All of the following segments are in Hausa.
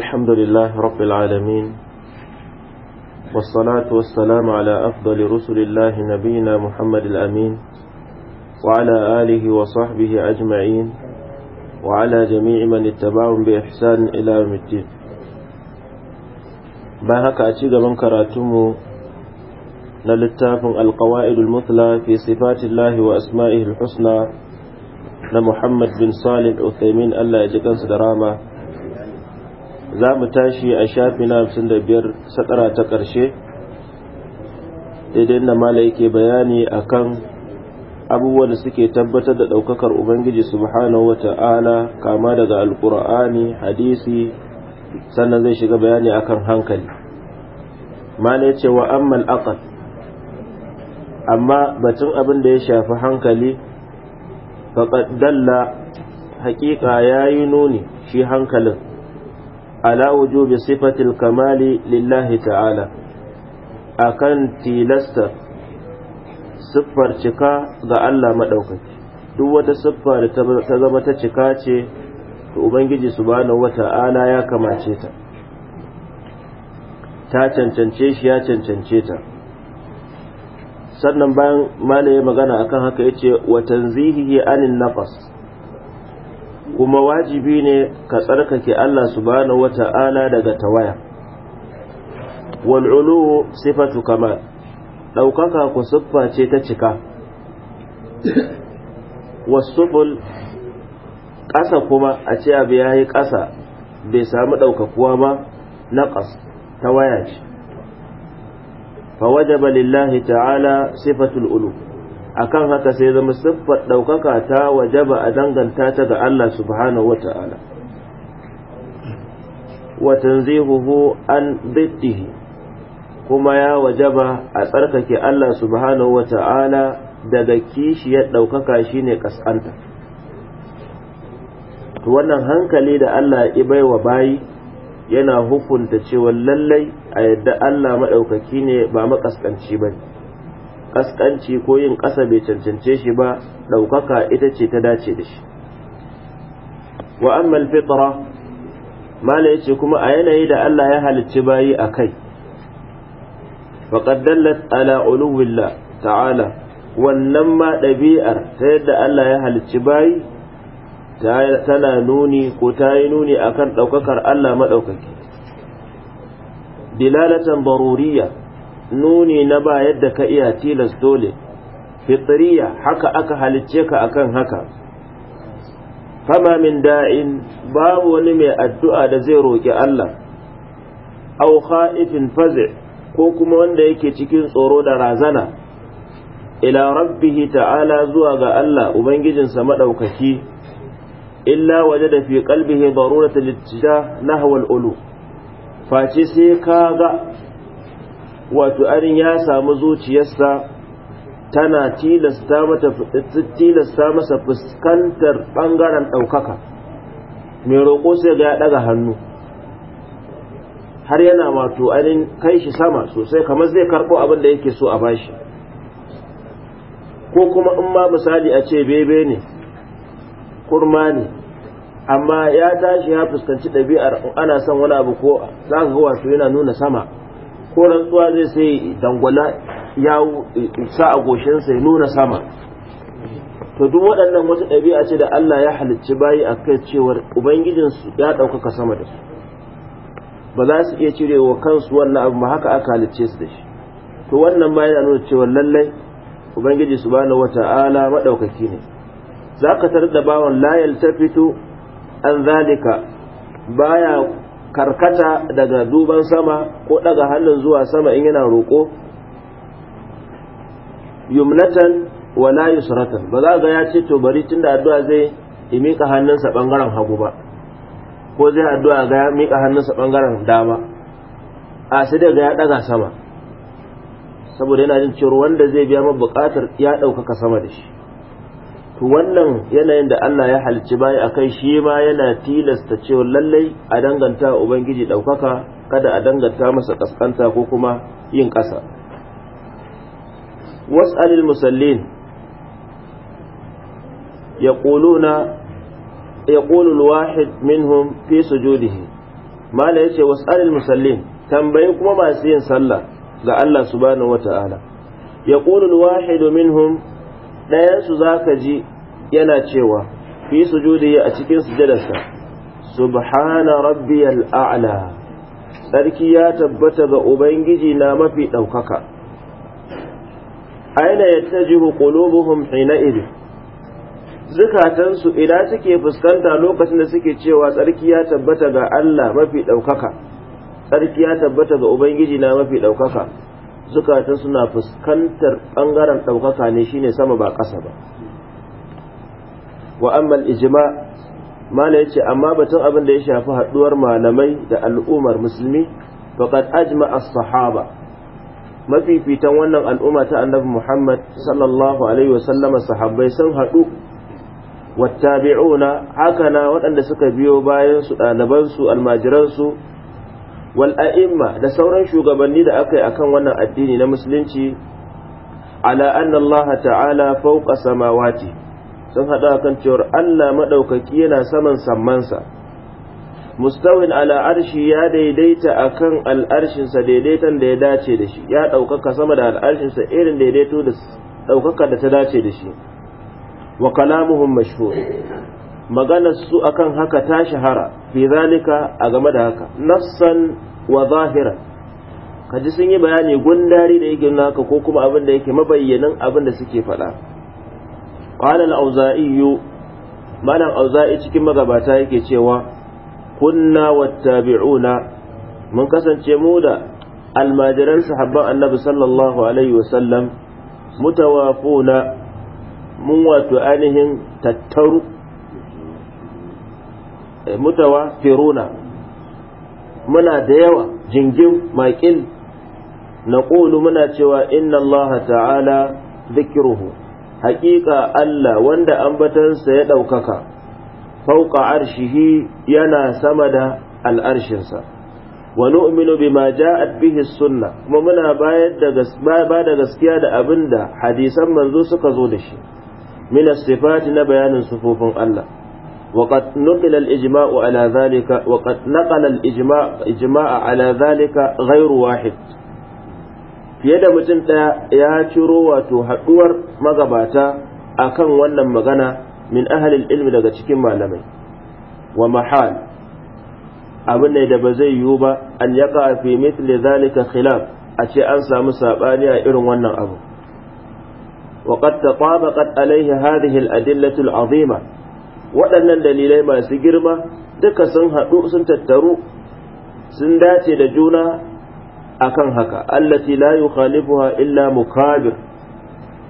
الحمد لله رب العالمين والصلاة والسلام على أفضل رسل الله نبينا محمد الأمين وعلى آله وصحبه أجمعين وعلى جميع من اتبعهم بإحسان إلى يوم الدين باهك أتيق من كراتمه للتاف القواعد المثلى في صفات الله وأسمائه الحسنى لمحمد بن صالح عثيمين ألا يجكن صدراما za mu tashi a shafi na hamsin da biyar sakara ta ƙarshe daidai da mala yake bayani akan abubuwan da suke tabbatar da ɗaukakar ubangiji subhanahu wata'ala kama daga alkur'ani hadisi sannan zai shiga bayani akan hankali mana ya ce wa ammal aqal amma batun abin da ya shafi hankali faƙaddalla haƙiƙa ya yi nuni shi hankalin ala wujubi sifatil kamali lillahi ta'ala akan tilasta siffar cika ga Allah maɗaukaki duk wata siffa da ta zama ta cika ce to ubangiji subhanahu wata'ala ya kamace ta ta cancance shi ya cancance ta sannan bayan malami magana akan haka yace wa tanzihihi anin nafas. kuma wajibi ne ka tsarkake Allah subhanahu wata'ala daga tawaya wal ulu sifatu kamar daukaka ku siffa ce ta cika wasubul ƙasa kuma a ce abu yayi ƙasa bai samu ɗaukakuwa ba naqas tawaya ce fa wajaba lillahi ta'ala sifatul ulu akan haka sai zama siffar ɗaukaka ta wajaba a danganta ta ga Allah subhanahu wa ta'ala wa tanzihuhu an biddihi, kuma ya wajaba a tsarkake Allah subhanahu wa ta'ala daga kishiyar ɗaukaka shine ƙasƙanta to wannan hankali da Allah ya baiwa bayi yana hukunta cewa lallai a yadda Allah maɗaukaki ne ba maƙasƙanci ba ne kaskanci ko yin ƙasa bai cancance shi ba ɗaukaka ita ce ta dace da shi wa ammal fitra mala yace kuma a yanayi da Allah ya halicci bayi a kai faqad dallat ala uluwillah ta'ala wannan ma ɗabi'ar ta yadda Allah ya halicci bayi tana nuni ko ta yi nuni akan ɗaukakar Allah maɗaukaki dilalatan baruriya nuni na ba yadda ka iya tilas dole fitriya haka aka halicce ka akan haka fama min da'in babu wani mai addu'a da zai roƙi Allah aw kha'ifin faz' ko kuma wanda yake cikin tsoro da razana ila rabbihi ta'ala zuwa ga Allah ubangijinsa madaukaki illa wajada fi qalbihi darurata littija nahwa al-ulu face sai ka ga wato arin ya samu zuciyarsa tana tilasta masa fuskantar ɓangaren ɗaukaka mai roƙo sai ga ya ɗaga hannu har yana wato anin kai shi sama sosai kamar zai karɓo abin da yake so a bashi ko kuma in ma misali a ce bebe ne kurma ne amma ya tashi ya fuskanci ɗabi'ar ana son wani abu ko za ga wato yana nuna sama ko rantsuwa zai sai dangwala ya sa a goshinsa ya nuna sama to duk waɗannan wata ɗabi'a ce da Allah ya halicci bayi a kai cewar ubangijinsu ya ɗaukaka sama da su ba za su iya cire wa kansu wannan abu ma haka aka halicce su da shi to wannan ma yana nuna cewa lallai ubangiji subhanahu wata'ala maɗaukaki ne za ka tarar da bawan la yaltafitu an zalika baya karkata daga duban sama ko daga hannun zuwa sama in yana roƙo yumnatan wala yusratan ba za ga ya ce to bari tunda addu'a zai yi miƙa hannunsa bangaren hagu ba ko zai addu'a ga ya miƙa hannunsa bangaren dama a sai daga ya daga sama saboda yana jin cewa wanda zai biya mabuƙatar ya ɗaukaka sama da shi wannan yanayin da Allah ya halicci baya a kai shi ma yana tilasta cewa lallai a danganta ubangiji ɗaukaka kada a danganta masa ƙasƙanta ko kuma yin ƙasa was'alil musallin ya ya yaqulu alwahid minhum fi sujudihi mala yace was'alil musallin tambayi kuma masu yin sallah ga Allah subhanahu wata'ala yaqulu alwahid minhum ɗayansu za ka ji yana cewa fi sujudi a cikin sujadarsa subhana rabbiyal a'la sarki ya tabbata ga ubangiji na mafi ɗaukaka aina yattajihu qulubuhum hina idh zukatansu ina suke fuskanta lokacin da suke cewa tsarki ya tabbata ga Allah mafi ɗaukaka tsarki ya tabbata ga ubangiji na mafi ɗaukaka zukatan suna fuskantar ɓangaren ɗaukaka ne shine sama ba ƙasa ba wa amma ijma mala yace amma batun abin da ya shafi haduwar malamai da al'ummar musulmi faqad ajma as-sahaba mafifitan wannan al'umma ta annabi Muhammad sallallahu alaihi wa sallama sahabbai sun hadu wattabi'una hakana waɗanda suka biyo bayan su ɗaliban su almajiran su wal a'imma da sauran shugabanni da aka yi akan wannan addini na musulunci ala anna Allah ta'ala fawqa samawati sun haɗu a kan cewar Allah maɗaukaki yana saman sammansa mustawin ala arshi ya daidaita a kan al'arshinsa daidaitan da ya dace da shi ya ɗaukaka sama da al'arshinsa irin daidaito da ɗaukaka da ta dace da shi wa kalamuhum mashhur maganar su akan haka ta shahara fi zalika a game da haka nafsan wa zahira kaji sun yi bayani gundari da yake haka ko kuma abin da yake mabayyanin abin da suke faɗa qala al-auza'i malam auza'i cikin magabata yake cewa kunna wattabi'una mun kasance mu da almajiran sahabban annabi sallallahu alaihi wasallam mutawafuna mun wato ainihin tattaru mutawa firuna muna da yawa jingin maƙil na muna cewa inna allaha ta'ala zikiruhu haƙiƙa Allah wanda ambatansa ya ɗaukaka fauƙa arshihi yana sama da al'arshinsa wa nu'minu bima ja'at bihi sunna kuma muna bayar da ba da gaskiya da abinda hadisan manzo suka zo da shi min sifati na bayanin sufofin Allah wa qad nuqila al-ijma'u ala dhalika wa wahid fiye da mutum ɗaya ya ciro wato haɗuwar magabata a kan wannan magana min ahalil ilmi daga cikin malamai wa mahal abin ne da ba zai yiwu ba an yaka fi mithli zalika khilaf a ce an samu saɓani a irin wannan abu وقد alaihi عليه هذه الأدلة العظيمة waɗannan dalilai masu girma duka sun haɗu sun tattaru sun dace da juna akan haka allati la yukhalifuha illa mukabir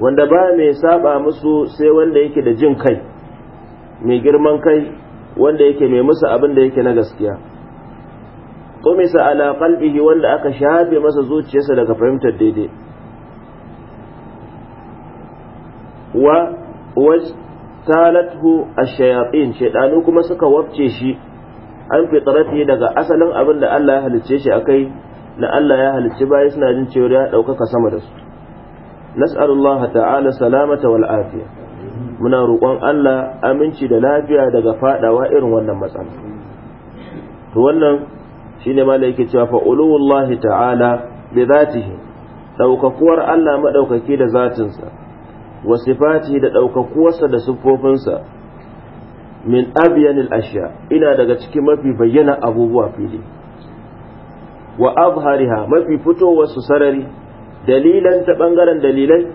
wanda ba mai saba musu sai wanda yake da jin kai mai girman kai wanda yake mai musu abin da yake na gaskiya sa ala qalbihi wanda aka shafe masa zuciyarsa daga fahimtar daidai wa talathu ash-shayatin shaytanu kuma suka wabce shi an fitrati daga asalin abin da Allah ya halicce shi akai na Allah ya halicci bayan suna jin cewa ya ɗaukaka sama da su Nas'arullah ta'ala salamata wal afiya muna roƙon Allah aminci da lafiya daga faɗawa irin wannan matsala to wannan shi shine da yake cewa fa'uluhullahi ta'ala bi zatihi ɗaukakuwar Allah maɗaukaki da zatinsa wa da ɗaukakuwarsa da siffofinsa min abyanil ashiya ina daga cikin mafi bayyana abubuwa fili wa azhariha mafi fitowar su sarari dalilan ta bangaren dalilai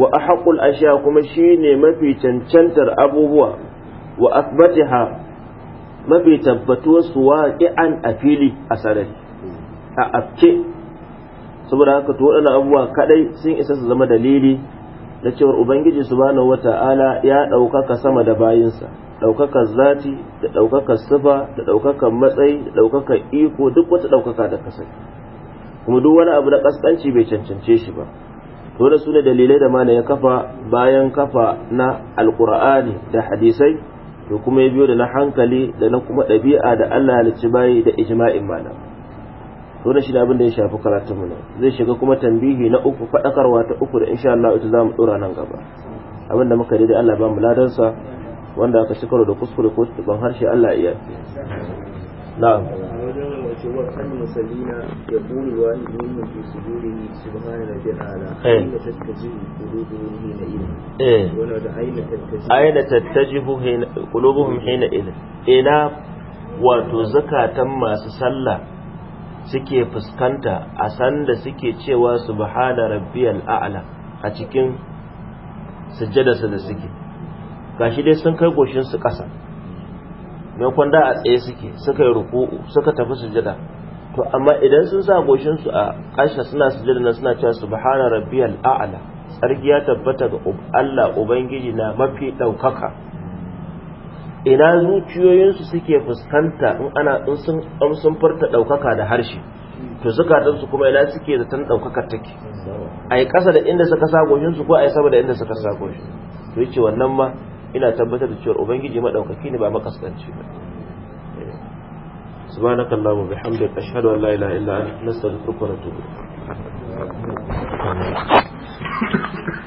wa ahqul ashiya kuma shine mafi cancantar abubuwa wa asbatiha mafi tabbatuwar su waqi'an a fili a sarari a afke saboda haka to waɗannan abubuwa kaɗai sun isa su zama dalili da cewar ubangiji subhanahu wata'ala ya ɗaukaka sama da bayinsa ɗaukakar zati da ɗaukakar sifa da ɗaukakar matsayi da ɗaukakar iko duk wata ɗaukaka da kasai kuma duk wani abu na ƙasƙanci bai cancance shi ba to da su ne dalilai da mana ya kafa bayan kafa na alƙur'ani da hadisai to kuma ya biyo da na hankali da na kuma ɗabi'a da allah ya halicci bayi da ijma'in malam to da shi da abin da ya shafi karatun mu zai shiga kuma tambihi na uku fadakarwa ta uku da insha Allah ita zamu dora nan gaba abin da muka dai Allah ba mu ladan sa wanda aka shikaro da kuskure ko su ban harshe Allah ya yi na'am eh. Eh. aina tattajibu qulubuhum hina ila ila wato zakatan masu sallah suke fuskanta a sanda suke cewa subhana rabbiyal a'la a cikin sujjadarsa da suke gashi dai sun kai goshin su ƙasa maimakon da a tsaye suke suka yi ruku'u suka tafi sujjada to amma idan sun sa goshin a ƙasa suna sujjada nan suna cewa subhana rabbiyal a'la tsarki ya tabbata ga Allah ubangiji na mafi ɗaukaka ina zuciyoyinsu suke fuskanta in ana in sun sun furta ɗaukaka da harshe to zukatansu kuma ina suke zaton ɗaukakar take a yi ƙasa da inda suka sa goshinsu ko a yi sama da inda suka sa goshin to yace wannan ma ina tabbatar da cewa ubangiji maɗaukaki ne ba makaskanci ba سبحانك اللهم وبحمدك أشهد أن لا إله إلا أنت نستغفرك ونتوب إليك